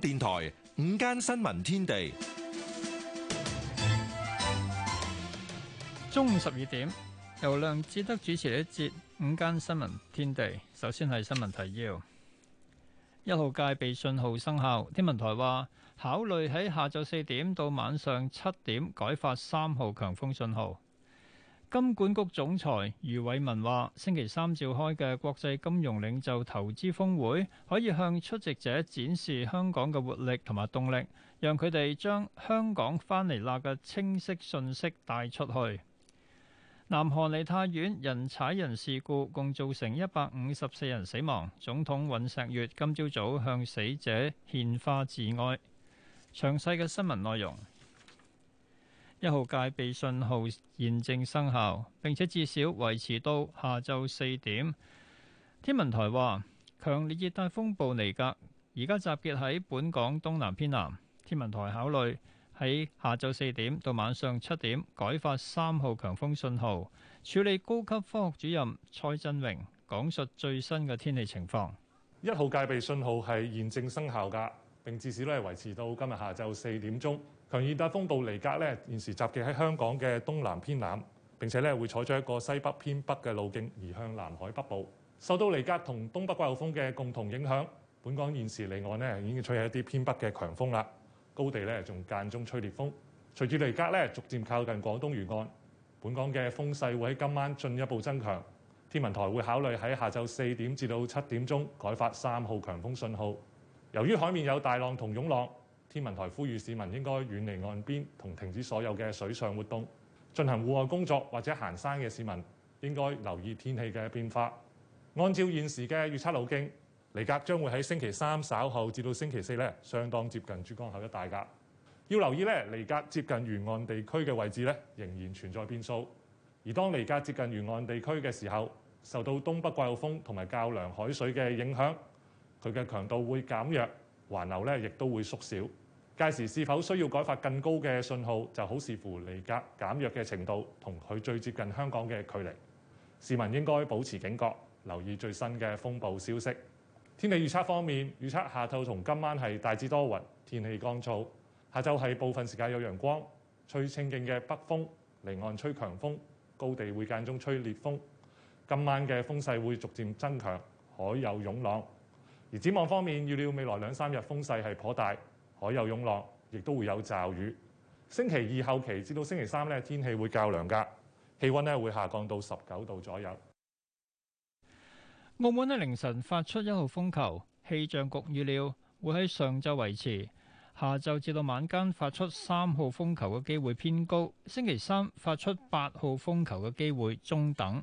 電台午間新聞天地，中午十二點，由梁智德主持一節午間新聞天地。首先係新聞提要，一號戒備信號生效，天文台話考慮喺下晝四點到晚上七點改發三號強風信號。金管局總裁余偉文話：星期三召開嘅國際金融領袖投資峰會，可以向出席者展示香港嘅活力同埋動力，讓佢哋將香港翻嚟啦嘅清晰信息帶出去。南韓梨泰院人踩人事故共造成一百五十四人死亡，總統尹錫悅今朝早向死者獻花致哀。詳細嘅新聞內容。一號戒備信號現正生效，並且至少維持到下晝四點。天文台話，強烈熱帶風暴尼格而家集結喺本港東南偏南。天文台考慮喺下晝四點到晚上七點改發三號強風信號。處理高級科學主任蔡振榮講述最新嘅天氣情況。一號戒備信號係現正生效噶，並至少都係維持到今日下晝四點鐘。強熱帶風暴尼格咧現時集結喺香港嘅東南偏南，並且咧會採取一個西北偏北嘅路徑移向南海北部。受到尼格同東北季候風嘅共同影響，本港現時離岸咧已經吹起一啲偏北嘅強風啦，高地咧仲間中吹烈風。隨住尼格咧逐漸靠近廣東沿岸，本港嘅風勢會喺今晚進一步增強。天文台會考慮喺下晝四點至到七點鐘改發三號強風信號。由於海面有大浪同湧浪，天文台呼籲市民應該遠離岸邊同停止所有嘅水上活動。進行戶外工作或者行山嘅市民應該留意天氣嘅變化。按照現時嘅預測路徑，尼格將會喺星期三稍後至到星期四咧，相當接近珠江口一帶噶。要留意呢，尼格接近沿岸地區嘅位置咧，仍然存在變數。而當尼格接近沿岸地區嘅時候，受到東北季候風同埋較涼海水嘅影響，佢嘅強度會減弱。環流呢，亦都會縮小。屆時是否需要改發更高嘅信號，就好視乎尼格減弱嘅程度同佢最接近香港嘅距離。市民應該保持警覺，留意最新嘅風暴消息。天氣預測方面，預測下晝同今晚係大致多雲，天氣乾燥。下晝係部分時間有陽光，吹清勁嘅北風，離岸吹強風，高地會間中吹烈風。今晚嘅風勢會逐漸增強，海有湧浪。而展望方面，預料未來兩三日風勢係頗大，海有湧浪，亦都會有驟雨。星期二後期至到星期三呢，天氣會較涼㗎，氣温呢會下降到十九度左右。澳門喺凌晨發出一號風球，氣象局預料會喺上晝維持，下晝至到晚間發出三號風球嘅機會偏高，星期三發出八號風球嘅機會中等。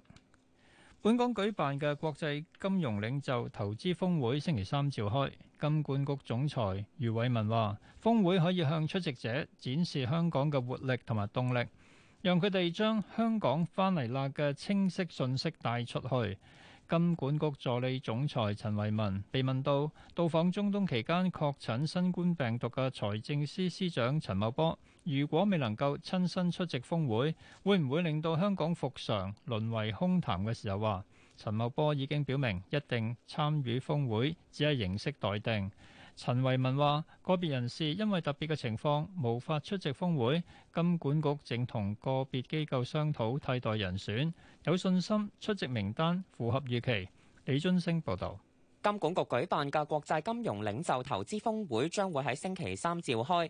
本港舉辦嘅國際金融領袖投資峰會星期三召開，金管局總裁余偉文話：峰會可以向出席者展示香港嘅活力同埋動力，讓佢哋將香港返嚟喇嘅清晰信息帶出去。金管局助理總裁陳維文被問到，到訪中東期間確診新冠病毒嘅財政司司長陳茂波，如果未能夠親身出席峰會，會唔會令到香港復常淪為空談嘅時候，話陳茂波已經表明一定參與峰會，只係形式待定。陳維文話，個別人士因為特別嘅情況無法出席峰會。金管局正同個別機構商討替代人選，有信心出席名單符合預期。李津升報道。金管局舉辦嘅國際金融領袖投資峰會，將會喺星期三召開。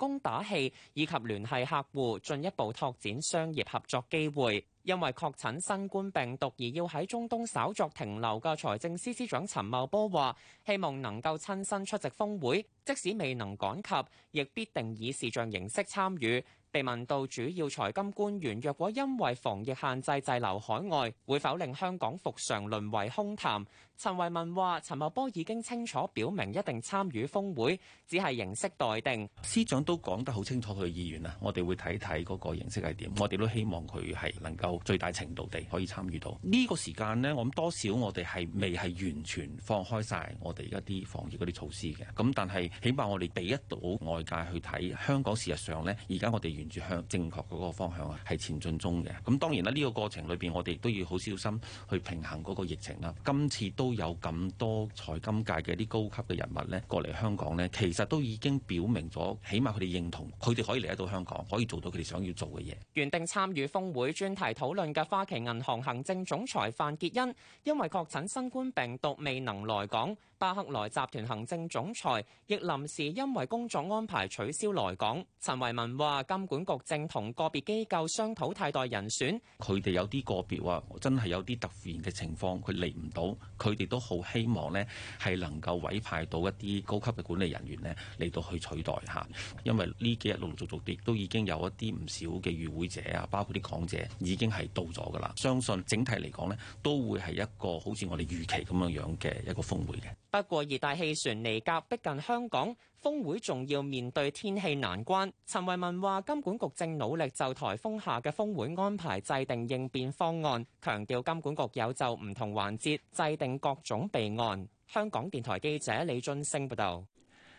供打氣以及聯繫客戶，進一步拓展商業合作機會。因為確診新冠病毒而要喺中東稍作停留嘅財政司司長陳茂波話，希望能夠親身出席峰會，即使未能趕及，亦必定以視像形式參與。被問到主要財金官員若果因為防疫限制滯留海外，會否令香港復常淪為空談？陳慧文話：陳茂波已經清楚表明一定參與峰會，只係形式待定。司長都講得好清楚佢嘅意願啊！我哋會睇睇嗰個形式係點。我哋都希望佢係能夠最大程度地可以參與到呢個時間呢，我諗多少我哋係未係完全放開晒我哋一啲防疫嗰啲措施嘅。咁但係起碼我哋俾一到外界去睇，香港事實上呢，而家我哋沿住向正確嗰個方向啊，係前進中嘅。咁當然啦，呢個過程裏邊我哋都要好小心去平衡嗰個疫情啦。今次都。都有咁多財金界嘅啲高級嘅人物咧，過嚟香港咧，其實都已經表明咗，起碼佢哋認同，佢哋可以嚟得到香港，可以做到佢哋想要做嘅嘢。原定參與峰會專題討論嘅花旗銀行行政總裁范傑恩，因為確診新冠病毒，未能來港。巴克萊集團行政總裁亦臨時因為工作安排取消來港。陳維文話監管局正同個別機構商討替代人選，佢哋有啲個別話，真係有啲突然嘅情況，佢嚟唔到，佢哋都好希望咧係能夠委派到一啲高級嘅管理人員咧嚟到去取代吓，因為呢幾日陸陸續續啲都已經有一啲唔少嘅與會者啊，包括啲講者已經係到咗噶啦。相信整體嚟講咧，都會係一個好似我哋預期咁樣樣嘅一個峰會嘅。不過熱帶氣旋尼格逼近香港，峰會仲要面對天氣難關。陳維文話：金管局正努力就颱風下嘅峰會安排制定應變方案，強調金管局有就唔同環節制定各種備案。香港電台記者李俊升報道：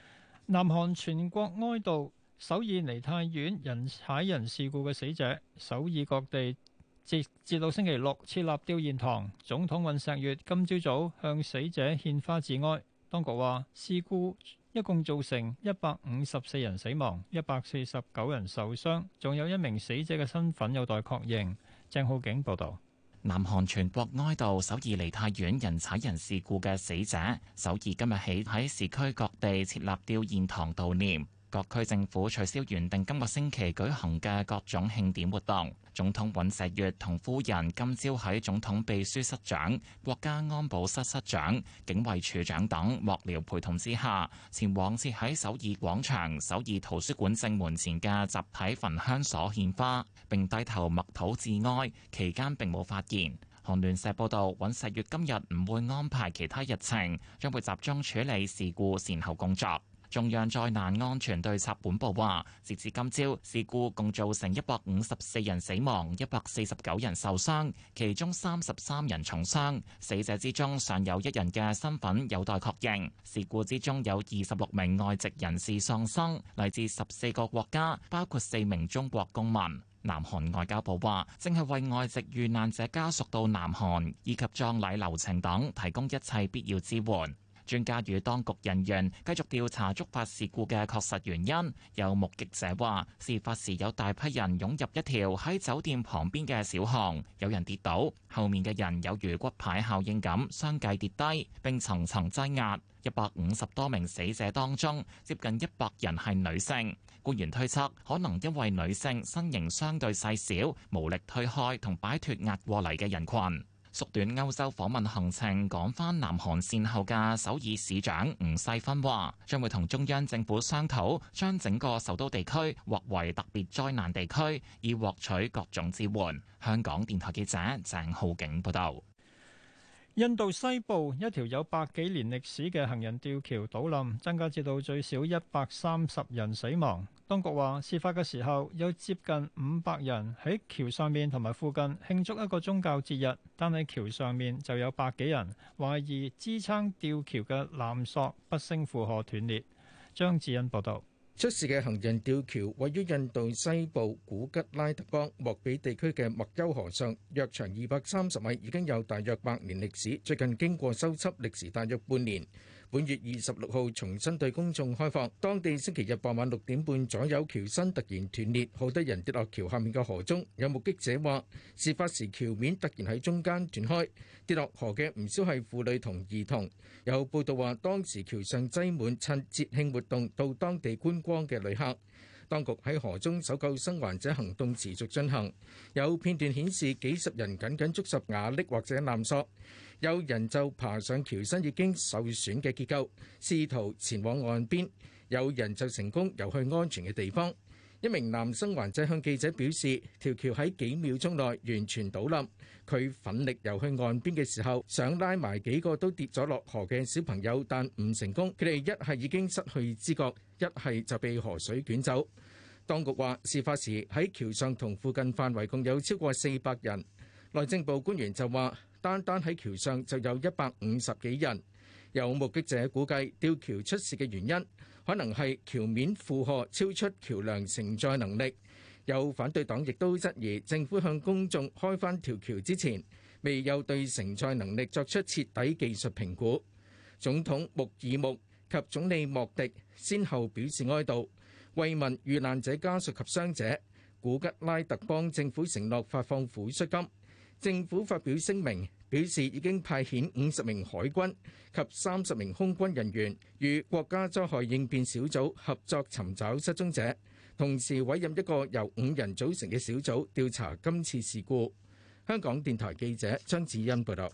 「南韓全國哀悼首爾梨泰院人踩人事故嘅死者，首爾各地，截至到星期六設立吊唁堂。總統尹錫悅今朝早向死者獻花致哀。當局話事故一共造成一百五十四人死亡、一百四十九人受傷，仲有一名死者嘅身份有待確認。鄭浩景報道，南韓全國哀悼首爾梨泰院人踩人事故嘅死者。首爾今日起喺市區各地設立吊唁堂悼念。各區政府取消原定今個星期舉行嘅各種慶典活動。總統尹錫悅同夫人今朝喺總統秘書室長、國家安保室室長、警衛處長等幕僚陪同之下，前往設喺首爾廣場、首爾圖書館正門前嘅集體焚香所獻花，並低頭默唸致哀。期間並冇發言。韓聯社報道，尹錫悅今日唔會安排其他日程，將會集中處理事故善後工作。中央災難安全對策本部話，截至今朝，事故共造成一百五十四人死亡、一百四十九人受傷，其中三十三人重傷。死者之中尚有一人嘅身份有待確認。事故之中有二十六名外籍人士喪生，嚟自十四個國家，包括四名中國公民。南韓外交部話，正係為外籍遇難者家屬到南韓以及葬禮流程等提供一切必要支援。專家與當局人員繼續調查觸發事故嘅確實原因。有目擊者話，事發時有大批人湧入一條喺酒店旁邊嘅小巷，有人跌倒，後面嘅人有如骨牌效應咁，相繼跌低並層層擠壓。一百五十多名死者當中，接近一百人係女性。官員推測，可能因為女性身形相對細小，無力推開同擺脫壓過嚟嘅人群。縮短歐洲訪問行程，趕返南韓善後嘅首爾市長吳世勳話，將會同中央政府商討，將整個首都地區劃為特別災難地區，以獲取各種支援。香港電台記者鄭浩景報道。印度西部一條有百幾年歷史嘅行人吊橋倒冧，增加至到最少一百三十人死亡。當局話，事發嘅時候有接近五百人喺橋上面同埋附近慶祝一個宗教節日，但係橋上面就有百幾人，懷疑支撐吊橋嘅纜索不勝負荷斷裂。張志恩報道。出事嘅行人吊橋位於印度西部古吉拉特邦莫比地區嘅墨丘河上，約長二百三十米，已經有大約百年歷史。最近經過修葺，歷時大約半年。本月二十六號重新對公眾開放，當地星期日傍晚六點半左右，橋身突然斷裂，好多人跌落橋下面嘅河中。有目擊者話，事發時橋面突然喺中間斷開，跌落河嘅唔少係婦女同兒童。有報道話，當時橋上擠滿趁節慶活動到當地觀光嘅旅客。當局喺河中搜救生還者行動持續進行，有片段顯示幾十人緊緊捉實瓦礫或者纜索，有人就爬上橋身已經受損嘅結構，試圖前往岸邊，有人就成功游去安全嘅地方。一名男生還者向記者表示：條橋喺幾秒鐘內完全倒冧，佢奮力游去岸邊嘅時候，想拉埋幾個都跌咗落河嘅小朋友，但唔成功。佢哋一係已經失去知覺，一係就被河水捲走。當局話，事發時喺橋上同附近範圍共有超過四百人。內政部官員就話，單單喺橋上就有一百五十幾人。有目擊者估計，吊橋出事嘅原因。可能係橋面負荷超出橋梁承載能力。有反對黨亦都質疑政府向公眾開返條橋之前，未有對承載能力作出徹底技術評估。總統穆爾穆及總理莫迪先後表示哀悼，慰問遇難者家屬及傷者。古吉拉特邦政府承諾發放撫恤金。政府發表聲明，表示已經派遣五十名海軍及三十名空軍人員，與國家災害應變小組合作尋找失蹤者，同時委任一個由五人組成嘅小組調查今次事故。香港電台記者張子欣報道。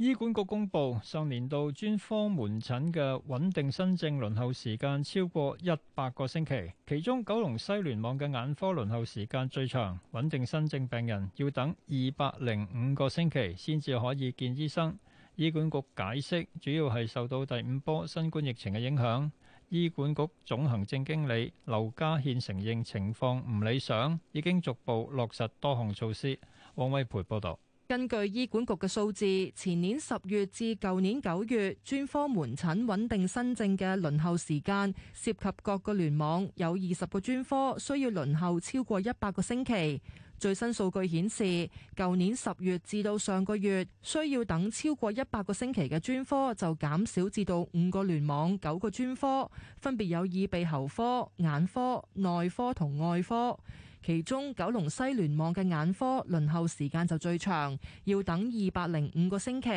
醫管局公布上年度專科門診嘅穩定新症輪候時間超過一百個星期，其中九龍西聯網嘅眼科輪候時間最長，穩定新症病人要等二百零五個星期先至可以見醫生。醫管局解釋，主要係受到第五波新冠疫情嘅影響。醫管局總行政經理劉家憲承認情況唔理想，已經逐步落實多項措施。王偉培報道。根據醫管局嘅數字，前年十月至舊年九月，專科門診穩定新症嘅輪候時間涉及各個聯網，有二十個專科需要輪候超過一百個星期。最新數據顯示，舊年十月至到上個月，需要等超過一百個星期嘅專科就減少至到五個聯網、九個專科，分別有耳鼻喉科、眼科、內科同外科。其中，九龍西聯網嘅眼科輪候時間就最長，要等二百零五個星期；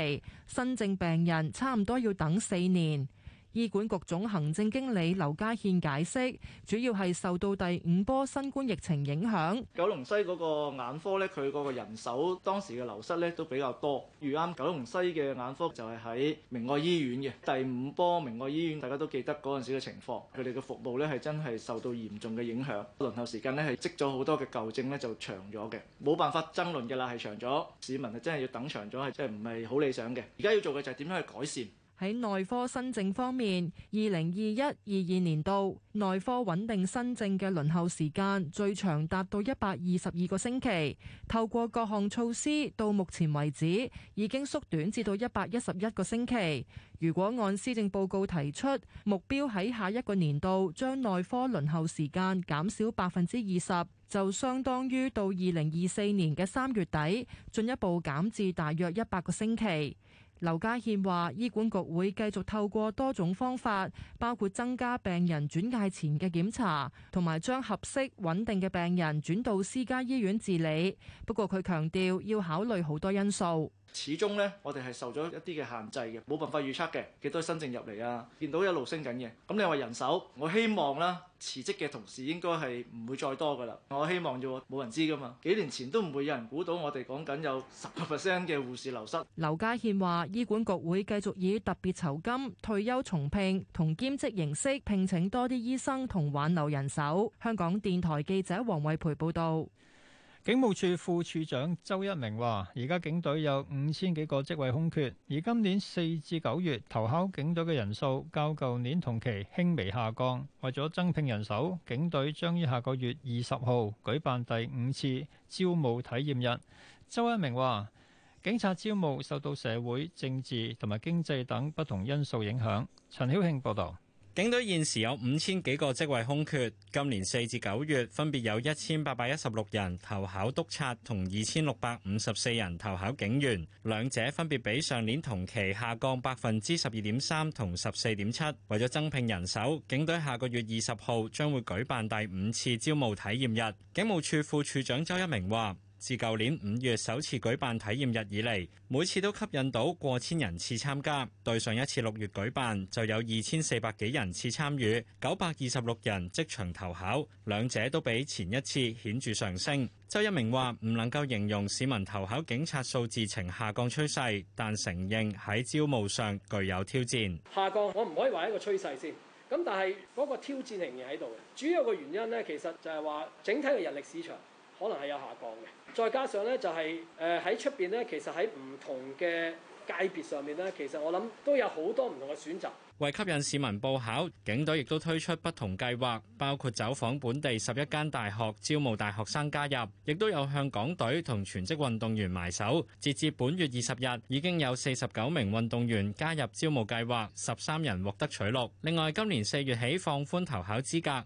新症病人差唔多要等四年。醫管局總行政經理劉家憲解釋，主要係受到第五波新冠疫情影響。九龍西嗰個眼科咧，佢嗰個人手當時嘅流失咧都比較多。如啱九龍西嘅眼科就係喺明愛醫院嘅。第五波明愛醫院大家都記得嗰陣時嘅情況，佢哋嘅服務咧係真係受到嚴重嘅影響。輪候時間咧係積咗好多嘅舊症咧就長咗嘅，冇辦法爭論㗎喇，係長咗。市民啊真係要等長咗，係即係唔係好理想嘅。而家要做嘅就係點樣去改善。喺內科新症方面，二零二一、二二年度內科穩定新症嘅輪候時間最長達到一百二十二個星期。透過各項措施，到目前為止已經縮短至到一百一十一個星期。如果按施政報告提出目標，喺下一個年度將內科輪候時間減少百分之二十，就相當於到二零二四年嘅三月底進一步減至大約一百個星期。劉家獻話：醫管局會繼續透過多種方法，包括增加病人轉介前嘅檢查，同埋將合適穩定嘅病人轉到私家醫院治理。不過，佢強調要考慮好多因素。始終呢，我哋係受咗一啲嘅限制嘅，冇辦法預測嘅幾多新症入嚟啊！見到一路升緊嘅，咁、嗯、你話人手，我希望啦，辭職嘅同事應該係唔會再多噶啦。我希望啫喎，冇人知噶嘛。幾年前都唔會有人估到我哋講緊有十個 percent 嘅護士流失。劉家獻話：醫管局會繼續以特別酬金、退休重聘同兼職形式聘請多啲醫生同挽留人手。香港電台記者黃惠培報道。警務處副處長周一鳴話，而家警隊有五千幾個職位空缺，而今年四至九月投考警隊嘅人數較舊年同期輕微下降。為咗增聘人手，警隊將於下個月二十號舉辦第五次招募體驗日。周一鳴話，警察招募受到社會、政治同埋經濟等不同因素影響。陳曉慶報道。警隊現時有五千幾個職位空缺，今年四至九月分別有一千八百一十六人投考督察同二千六百五十四人投考警員，兩者分別比上年同期下降百分之十二點三同十四點七。為咗增聘人手，警隊下個月二十號將會舉辦第五次招募體驗日。警務處副處長周一鳴話：自舊年五月首次舉辦體驗日以嚟，每次都吸引到過千人次參加。對上一次六月舉辦，就有二千四百幾人次參與，九百二十六人即場投考，兩者都比前一次顯著上升。周一明話：唔能夠形容市民投考警察數字呈下降趨勢，但承認喺招募上具有挑戰。下降我唔可以話係一個趨勢先，咁但係嗰個挑戰仍然喺度嘅。主要嘅原因咧，其實就係話整體嘅人力市場。可能係有下降嘅，再加上咧就係誒喺出邊咧，其實喺唔同嘅界別上面咧，其實我諗都有好多唔同嘅選擇。為吸引市民報考，警隊亦都推出不同計劃，包括走訪本地十一間大學招募大學生加入，亦都有向港隊同全職運動員埋手。截至本月二十日，已經有四十九名運動員加入招募計劃，十三人獲得取錄。另外，今年四月起放寬投考資格。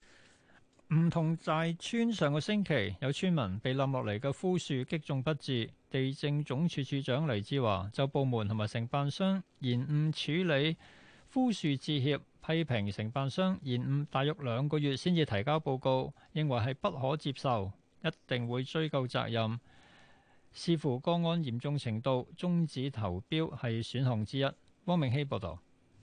唔同寨村上個星期有村民被冧落嚟嘅枯樹擊中不治。地政總署署長黎志華就部門同埋承辦商延誤處理枯樹致歉，批評承辦商延誤大約兩個月先至提交報告，認為係不可接受，一定會追究責任。視乎個案嚴重程度，終止投標係選項之一。汪明希報導。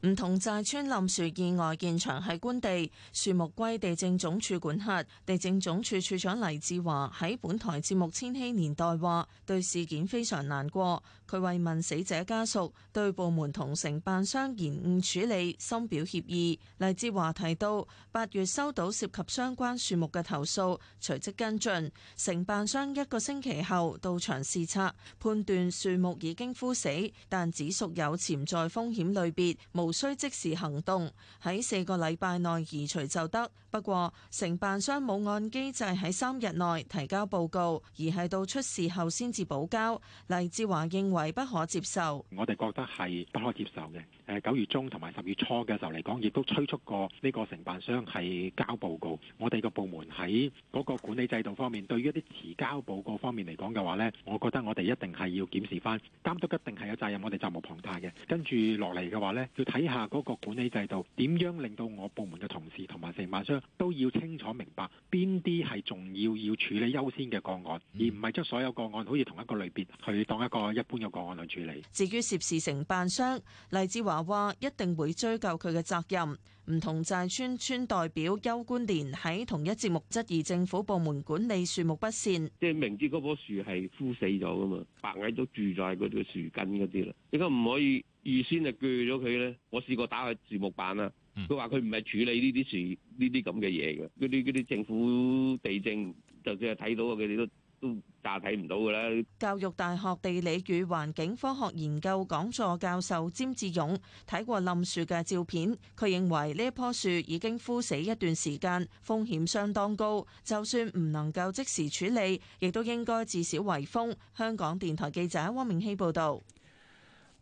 唔同寨村冧樹意外現場係官地，樹木歸地政總署管轄。地政總署署長黎志華喺本台節目《千禧年代》話：對事件非常難過，佢慰問死者家屬，對部門同承辦商延誤處理深表歉意。黎志華提到，八月收到涉及相關樹木嘅投訴，隨即跟進，承辦商一個星期後到場視察，判斷樹木已經枯死，但只屬有潛在風險類別，冇無需即時行動，喺四個禮拜內移除就得。不過承辦商冇按機制喺三日內提交報告，而係到出事後先至補交。黎志華認為不可接受，我哋覺得係不可接受嘅。誒，九月中同埋十月初嘅時候嚟講，亦都催促過呢個承辦商係交報告。我哋個部門喺嗰個管理制度方面，對於一啲遲交報告方面嚟講嘅話咧，我覺得我哋一定係要檢視翻，監督一定係有責任我，我哋責無旁貸嘅。跟住落嚟嘅話咧，要睇。底下嗰個管理制度點樣令到我部門嘅同事同埋成辦商都要清楚明白邊啲係重要要處理優先嘅個案，而唔係將所有個案好似同一個類別去當一個一般嘅個案去處理。至於涉事承辦商，黎志華話一定會追究佢嘅責任。唔同寨村村代表邱官連喺同一節目質疑政府部門管理樹木不善，即係明知嗰棵樹係枯死咗噶嘛，白蟻都住在佢樹根嗰啲啦，點解唔可以？預先就鋸咗佢咧。我試過打下樹木辦啦。佢話，佢唔係處理呢啲事呢啲咁嘅嘢嘅。嗰啲嗰啲政府地政，就算係睇到嘅，佢哋都都大睇唔到噶啦。教育大學地理與環境科學研究講座教授詹志勇睇過冧樹嘅照片，佢認為呢一棵樹已經枯死一段時間，風險相當高。就算唔能夠即時處理，亦都應該至少圍封。香港電臺記者汪明希報道。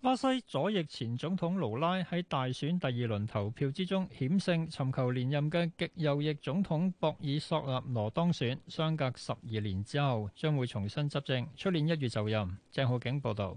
巴西左翼前總統盧拉喺大選第二輪投票之中險勝尋求連任嘅極右翼總統博爾索納羅當選，相隔十二年之後將會重新執政，出年一月就任。鄭浩景報道。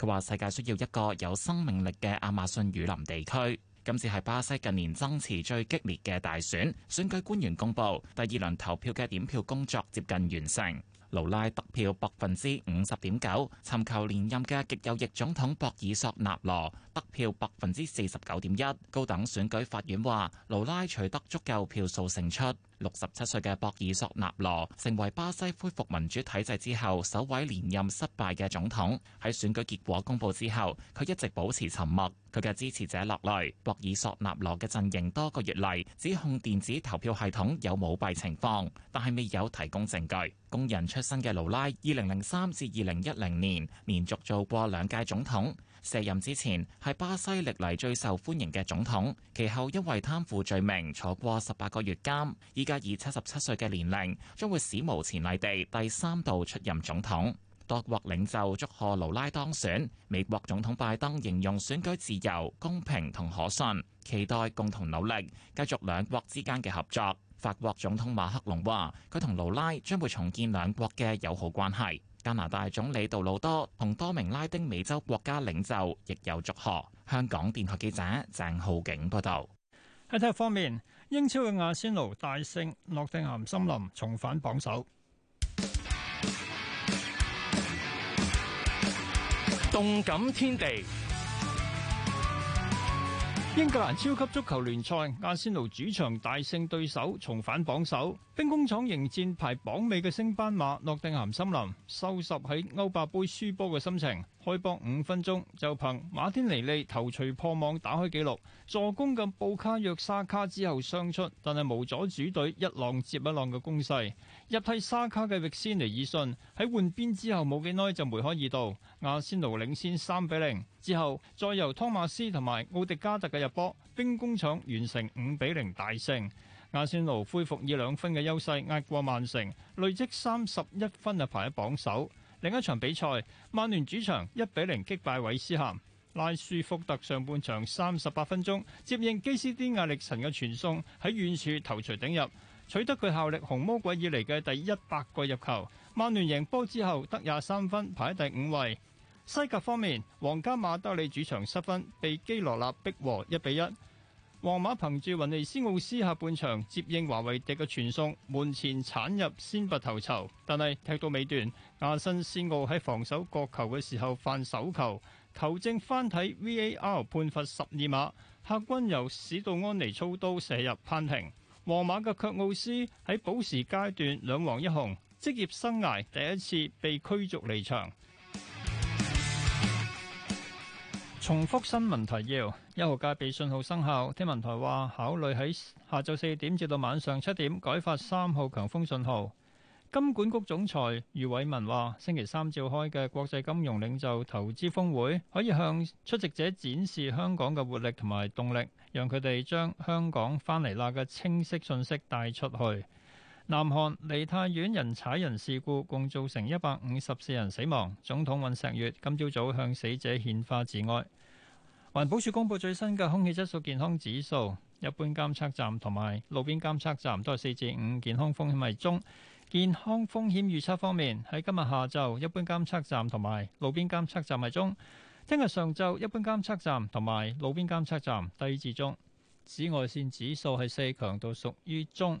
佢話世界需要一個有生命力嘅亞馬遜雨林地區，今次係巴西近年爭持最激烈嘅大選，選舉官員公布第二輪投票嘅點票工作接近完成。盧拉得票百分之五十點九，尋求連任嘅極右翼總統博爾索納羅得票百分之四十九點一。高等選舉法院話，盧拉取得足夠票數勝出。六十七歲嘅博爾索納羅成為巴西恢復民主體制之後首位連任失敗嘅總統。喺選舉結果公佈之後，佢一直保持沉默。佢嘅支持者落淚。博爾索納羅嘅陣營多個月嚟指控電子投票系統有舞弊情況，但係未有提供證據。工人出身嘅盧拉，二零零三至二零一零年連續做過兩屆總統。卸任之前係巴西歷嚟最受歡迎嘅總統，其後因為貪腐罪名坐過十八個月監，依家以七十七歲嘅年齡將會史無前例地第三度出任總統，多國領袖祝賀盧拉當選，美國總統拜登形容選舉自由、公平同可信，期待共同努力繼續兩國之間嘅合作。法國總統馬克龍話，佢同盧拉將會重建兩國嘅友好關係。加拿大總理杜魯多同多名拉丁美洲國家領袖亦有祝賀。香港電台記者鄭浩景報道。喺體育方面，英超嘅阿仙奴大勝，諾丁咸森林重返榜首。動感天地。英格蘭超級足球聯賽，阿仙奴主場大勝對手，重返榜首；兵工廠迎戰排榜尾嘅升班馬諾定咸森林，收拾喺歐霸杯輸波嘅心情。開波五分鐘就憑馬天尼利頭槌破網打開記錄，助攻嘅布卡約沙卡之後傷出，但係無阻主隊一浪接一浪嘅攻勢。入替沙卡嘅域先尼爾遜喺換邊之後冇幾耐就梅開二度，阿仙奴領先三比零。之後再由湯馬斯同埋奧迪加特嘅入波，兵工廠完成五比零大勝。阿仙奴恢復以兩分嘅優勢壓過曼城，累積三十一分啊排喺榜首。另一場比賽，曼聯主場一比零擊敗韋斯咸，拉舒福特上半場三十八分鐘接應基斯丁亞力神嘅傳送喺遠處頭槌頂入，取得佢效力紅魔鬼以嚟嘅第一百個入球。曼聯贏波之後得廿三分，排喺第五位。西甲方面，皇家馬德里主場失分，被基羅納逼和一比一。皇馬憑住雲尼斯奧斯下半場接應華為迪嘅傳送，門前鏟入先拔頭籌。但係踢到尾段，亞新斯奧喺防守角球嘅時候犯手球，球證翻睇 V A R 判罰十二碼，客軍由史道安尼操刀射入攀平。皇馬嘅卻奧斯喺補時階段兩黃一紅，職業生涯第一次被驅逐離場。重複新聞提要：一號戒備信號生效，天文台話考慮喺下晝四點至到晚上七點改發三號強風信號。金管局總裁余偉文話：星期三召開嘅國際金融領袖投資峰會，可以向出席者展示香港嘅活力同埋動力，讓佢哋將香港返嚟啦嘅清晰信息帶出去。南韓梨泰院人踩人事故共造成一百五十四人死亡，總統尹錫悅今朝早，早向死者獻花致哀。環保署公布最新嘅空氣質素健康指數，一般監測站同埋路邊監測站都係四至五，5，健康風險係中。健康風險預測方面，喺今日下晝，一般監測站同埋路邊監測站係中；聽日上晝，一般監測站同埋路邊監測站低至中。紫外綫指數係四，強度屬於中。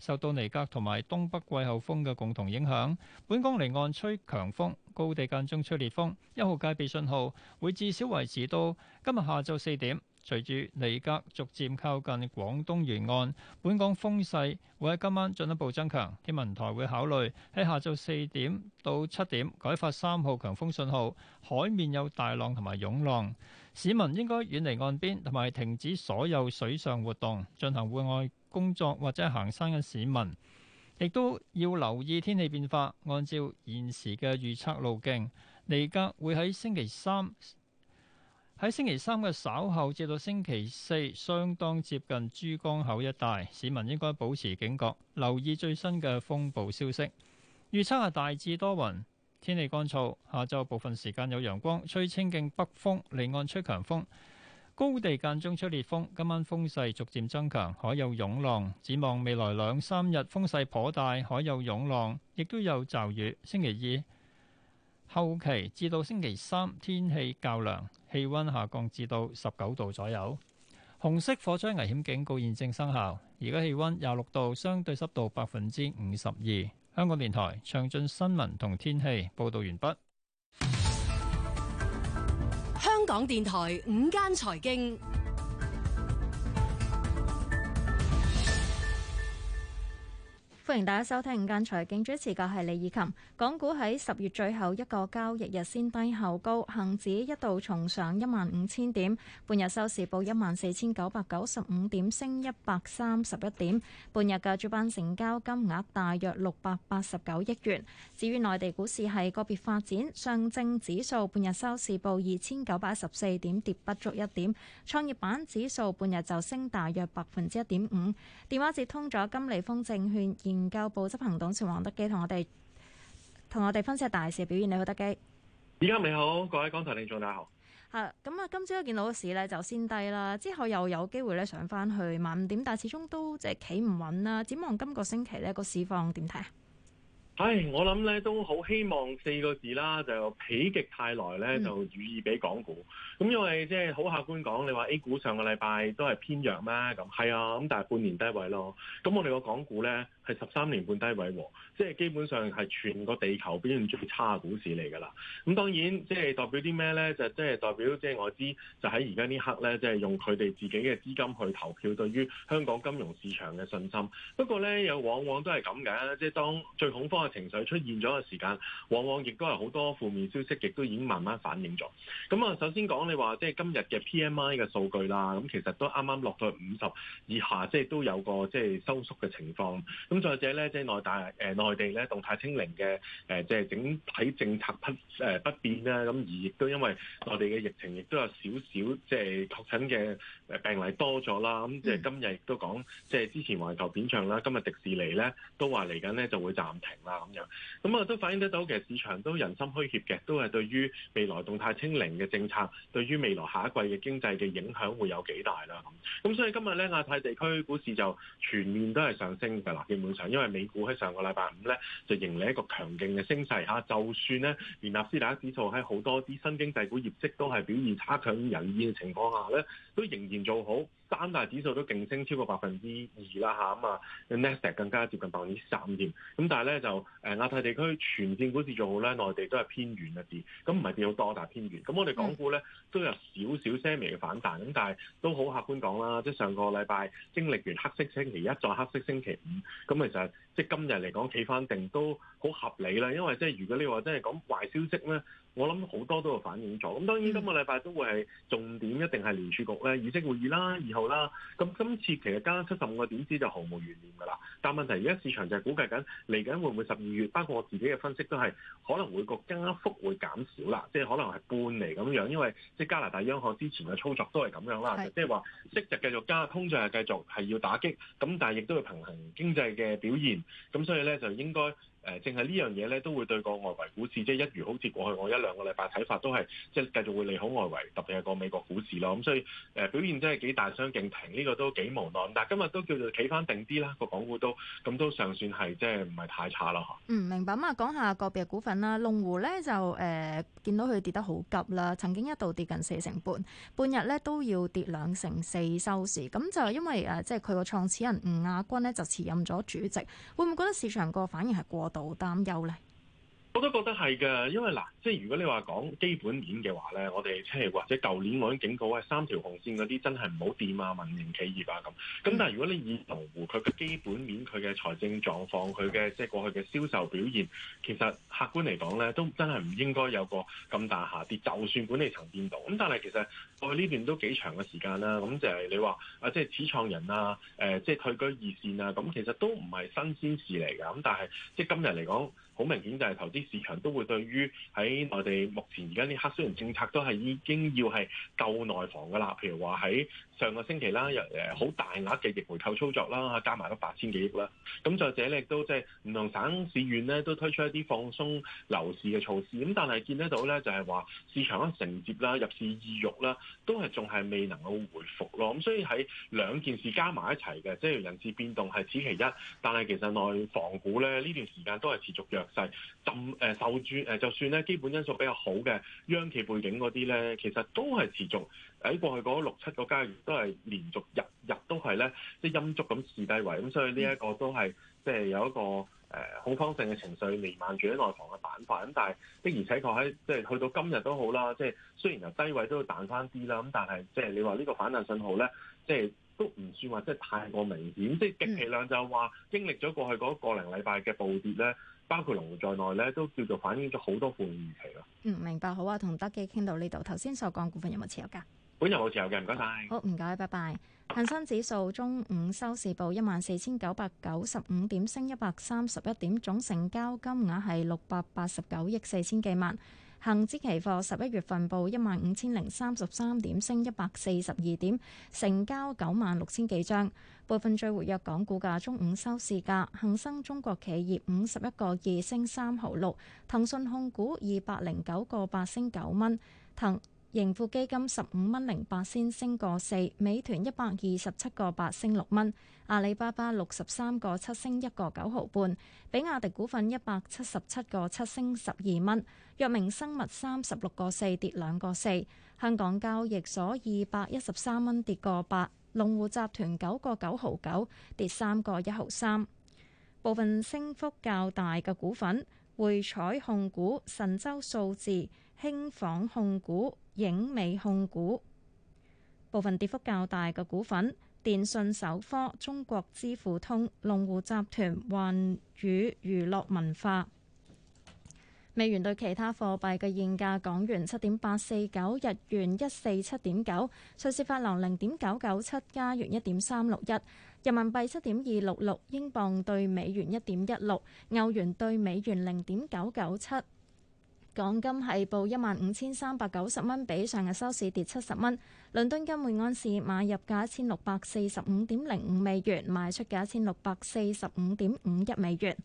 受到尼格同埋東北季候風嘅共同影響，本港離岸吹強風，高地間中吹烈風，一號戒備信號會至少維持到今日下晝四點。隨住尼格逐漸靠近廣東沿岸，本港風勢會喺今晚進一步增強，天文台會考慮喺下晝四點到七點改發三號強風信號，海面有大浪同埋湧浪，市民應該遠離岸邊同埋停止所有水上活動，進行戶外工作或者行山嘅市民亦都要留意天氣變化。按照現時嘅預測路徑，尼格會喺星期三。喺星期三嘅稍後，至到星期四，相當接近珠江口一帶，市民應該保持警覺，留意最新嘅風暴消息。預測係大致多雲，天氣乾燥。下晝部分時間有陽光，吹清勁北風，離岸吹強風，高地間中吹烈風。今晚風勢逐漸增強，海有湧浪。展望未來兩三日風勢頗大，海有湧浪，亦都有驟雨。星期二後期至到星期三，天氣較涼。氣溫下降至到十九度左右。紅色火災危險警告現正生效。而家氣溫廿六度，相對濕度百分之五十二。香港電台詳盡新聞同天氣報道完畢。香港電台午間財經。歡迎大家收聽。午間財經主持嘅係李以琴。港股喺十月最後一個交易日先低後高，恒指一度重上一萬五千點，半日收市報一萬四千九百九十五點，升一百三十一點。半日嘅主板成交金額大約六百八十九億元。至於內地股市係個別發展，上證指數半日收市報二千九百一十四點，跌不足一點。創業板指數半日就升大約百分之一點五。電話接通咗金利豐證券研究部執行董事黃德基同我哋同我哋分析大市表現。你好，德基，而家你好，各位港台聽眾大家好。啊，咁啊，今朝一見到市咧就先低啦，之後又有機會咧上翻去萬五點，但係始終都即係企唔穩啦。展望今個星期咧個市況點睇？唉，我諗咧都好希望四個字啦，就喜極泰來咧，就寓意俾港股。咁因為即係好客觀講，你話 A 股上個禮拜都係偏弱咩？咁係啊，咁但係半年低位咯。咁我哋個港股咧係十三年半低位喎，即係基本上係全個地球表現最差嘅股市嚟㗎啦。咁當然即係代表啲咩咧？就即係代表即係我知就在在，就喺而家呢刻咧，即係用佢哋自己嘅資金去投票對於香港金融市場嘅信心。不過咧，又往往都係咁嘅，即係當最恐慌嘅情緒出現咗嘅時間，往往亦都係好多負面消息，亦都已經慢慢反映咗。咁啊，我首先講。你話即係今日嘅 PMI 嘅數據啦，咁其實都啱啱落到五十以下，即係都有個即係收縮嘅情況。咁再者咧，即係內地誒內地咧動態清零嘅誒，即係整體政策不誒不變啦。咁而亦都因為內地嘅疫情亦都有少少即係確診嘅病例多咗啦。咁即係今日亦都講，即係之前環球片場啦，今日迪士尼咧都話嚟緊咧就會暫停啦咁樣。咁啊都反映得到其實市場都人心虛怯嘅，都係對於未來動態清零嘅政策。對於未來下一季嘅經濟嘅影響會有幾大啦？咁所以今日咧亞太地區股市就全面都係上升㗎啦。基本上因為美股喺上個禮拜五咧就迎嚟一個強勁嘅升勢嚇，就算咧連納斯達克指數喺好多啲新經濟股業績都係表現差強人意嘅情況下咧，都仍然做好三大指數都勁升超過百分之二啦嚇，咁啊納斯達更加接近百分之三添。咁但係咧就誒、呃、亞太地區全線股市做好咧，內地都係偏軟一啲，咁唔係跌好多，但係偏軟。咁我哋港股咧。嗯都有少少些微嘅反彈，咁但係都好客觀講啦，即係上個禮拜經歷完黑色星期一再黑色星期五，咁其實即係今日嚟講企翻定都。好合理啦，因為即係如果你話真係講壞消息咧，我諗好多都係反映咗。咁當然今個禮拜都會係重點，一定係聯儲局咧，議息會議啦，二號啦。咁今次其實加七十五個點子就毫無懸念㗎啦。但問題而家市場就係估計緊嚟緊會唔會十二月，包括我自己嘅分析都係可能會個加幅會減少啦，即係可能係半厘咁樣。因為即係加拿大央行之前嘅操作都係咁樣啦，的即係話息就繼續加，通脹係繼續係要打擊，咁但係亦都會平衡經濟嘅表現。咁所以咧，就應該。誒，淨係呢樣嘢咧，都會對個外圍股市，即係一如好似過去我一兩個禮拜睇法都，都係即係繼續會利好外圍，特別係個美國股市咯。咁所以誒，表現真係幾大相徑庭，呢、這個都幾無奈。但係今日都叫做企翻定啲啦，個港股都咁都尚算係即係唔係太差咯。嗯，明白。咁、嗯、啊，講下個別股份啦，龍湖咧就誒、呃、見到佢跌得好急啦，曾經一度跌近四成半，半日咧都要跌兩成四收市。咁就因為誒即係佢個創始人吳亞軍咧就辭任咗主席，會唔會覺得市場個反應係過到擔憂啦。我都覺得係嘅，因為嗱，即係如果你話講基本面嘅話咧，我哋即係或者舊年我已經警告係三條紅線嗰啲真係唔好掂啊，民營企業啊咁。咁但係如果你以龍湖佢嘅基本面、佢嘅財政狀況、佢嘅即係過去嘅銷售表現，其實客觀嚟講咧，都真係唔應該有個咁大下跌。就算管理層變動，咁但係其實我哋呢邊都幾長嘅時間啦。咁就係你話啊，即係始創人啊，誒、呃，即係退居二線啊，咁其實都唔係新鮮事嚟㗎。咁但係即係今日嚟講。好明顯就係投資市場都會對於喺我哋目前而家呢刻，雖然政策都係已經要係救內房㗎啦，譬如話喺。上個星期啦，又誒好大額嘅逆回購操作啦，加埋都八千幾億啦。咁再者咧，亦都即係唔同省市縣咧，都推出一啲放鬆樓市嘅措施。咁但係見得到咧，就係話市場嘅承接啦、入市意欲啦，都係仲係未能夠回復咯。咁所以喺兩件事加埋一齊嘅，即係人事變動係此其一，但係其實內房股咧呢段時間都係持續弱勢，浸誒受注誒，就算咧基本因素比較好嘅央企背景嗰啲咧，其實都係持續。喺過去嗰六七個交易日都係連續日日都係咧，即係陰燭咁試低位，咁所以呢一個都係即係有一個誒、呃、恐慌性嘅情緒瀰漫住喺內房嘅板塊，咁但係的而且確喺即係去到今日都好啦，即、就、係、是、雖然由低位都要彈翻啲啦，咁但係即係你話呢個反彈信號咧，即、就、係、是、都唔算話即係太過明顯，即、就、係、是、極其量就話、嗯、經歷咗過去嗰個零禮拜嘅暴跌咧，包括龍湖在內咧都叫做反映咗好多負面預期咯。嗯，明白好啊，同德記傾到呢度，頭先所講股份有冇持有㗎？本人冇自由嘅，唔該曬。好，唔該，拜拜。恆生指數中午收市報一萬四千九百九十五點，升一百三十一點，總成交金額係六百八十九億四千幾萬。恆指期貨十一月份報一萬五千零三十三點，升一百四十二點，成交九萬六千幾張。部分最活躍港股嘅中午收市價，恆生中國企業五十一個二升三毫六，騰訊控股二百零九個八升九蚊，騰。盈富基金十五蚊零八先升個四，美團一百二十七個八升六蚊，阿里巴巴六十三個七升一個九毫半，比亞迪股份一百七十七個七升十二蚊，藥明生物三十六個四跌兩個四，香港交易所二百一十三蚊跌個八，龍湖集團九個九毫九跌三個一毫三，部分升幅較大嘅股份，匯彩控股、神州數字。輕紡控股、影美控股，部分跌幅較大嘅股份：電信首科、中國支付通、龍湖集團、環宇娛樂文化。美元對其他貨幣嘅現價：港元七點八四九，日元一四七點九，瑞士法郎零點九九七，加元一點三六一，人民幣七點二六六，英鎊對美元一點一六，歐元對美元零點九九七。港金係報一萬五千三百九十蚊，比上日收市跌七十蚊。倫敦金每安士買入價一千六百四十五點零五美元，賣出價一千六百四十五點五一美元。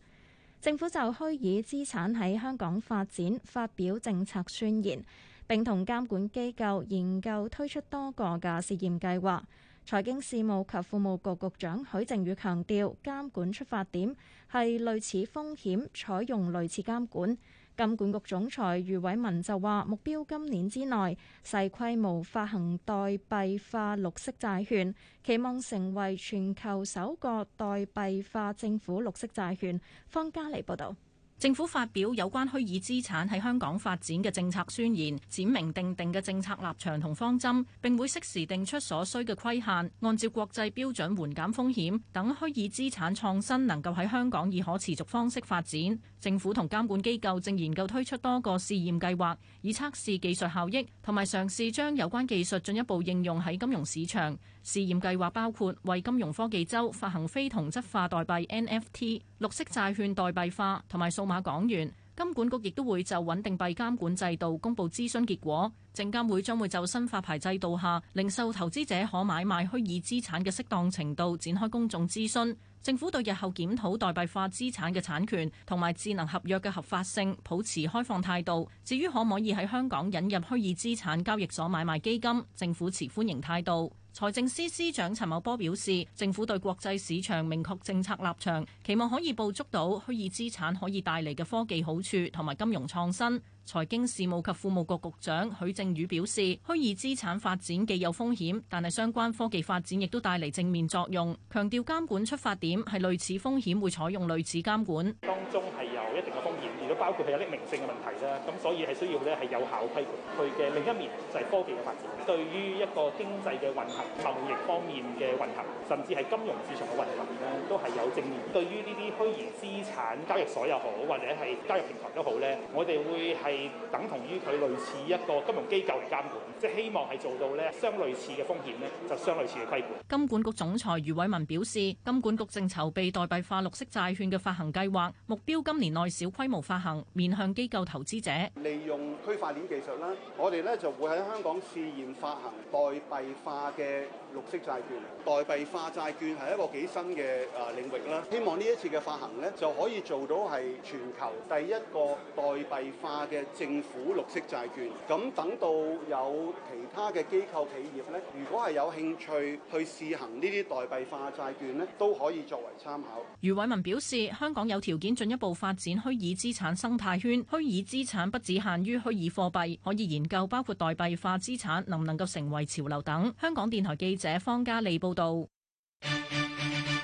政府就虛擬資產喺香港發展，發表政策宣言，並同監管機構研究推出多個嘅試驗計劃。財經事務及庫務局局，局長許正宇強調，監管出發點係類似風險，採用類似監管。金管局總裁余偉文就話：目標今年之內，細規模發行代幣化綠色債券，期望成為全球首個代幣化政府綠色債券。方嘉莉報道。政府發表有關虛擬資產喺香港發展嘅政策宣言，展明定定嘅政策立場同方針，並會適時定出所需嘅規限，按照國際標準緩減風險，等虛擬資產創新能夠喺香港以可持續方式發展。政府同監管機構正研究推出多個試驗計劃，以測試技術效益，同埋嘗試將有關技術進一步應用喺金融市場。試驗計劃包括為金融科技周發行非同質化代幣 NFT、綠色債券代幣化，同埋數碼港元。金管局亦都會就穩定幣監管制度公佈諮詢結果。證監會將會就新發牌制度下零售投資者可買賣虛擬資產嘅適當程度展開公眾諮詢。政府對日後檢討代幣化資產嘅產權同埋智能合約嘅合法性，保持開放態度。至於可唔可以喺香港引入虛擬資產交易所買賣基金，政府持歡迎態度。財政司司長陳茂波表示，政府對國際市場明確政策立場，期望可以捕捉到虛擬資產可以帶嚟嘅科技好處，同埋金融創新。財經事務及庫務局局長許正宇表示：虛擬資產發展既有風險，但係相關科技發展亦都帶嚟正面作用。強調監管出發點係類似風險會採用類似監管，當中係有一定嘅風險，如果包括係有匿名性嘅問題咧，咁所以係需要咧係有效規管。佢嘅另一面就係科技嘅發展，對於一個經濟嘅運行、貿易方面嘅運行，甚至係金融市場嘅運行咧，都係有正面。對於呢啲虛擬資產交易所又好，或者係交易平台都好咧，我哋會係。等同於佢類似一個金融機構嚟監管，即係希望係做到咧，相類似嘅風險咧，就相類似嘅規管。金管局總裁余偉文表示，金管局正籌備代幣化綠色債券嘅發行計劃，目標今年內小規模發行，面向機構投資者。利用區塊鏈技術啦，我哋咧就會喺香港試驗發行代幣化嘅綠色債券。代幣化債券係一個幾新嘅啊領域啦，希望呢一次嘅發行咧就可以做到係全球第一個代幣化嘅。政府綠色債券，咁等到有其他嘅機構企業，呢如果係有興趣去試行呢啲代幣化債券，呢都可以作為參考。余偉文表示，香港有條件進一步發展虛擬資產生態圈。虛擬資產不止限於虛擬貨幣，可以研究包括代幣化資產能唔能夠成為潮流等。香港電台記者方嘉利報道。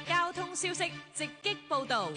交通消息直擊報導。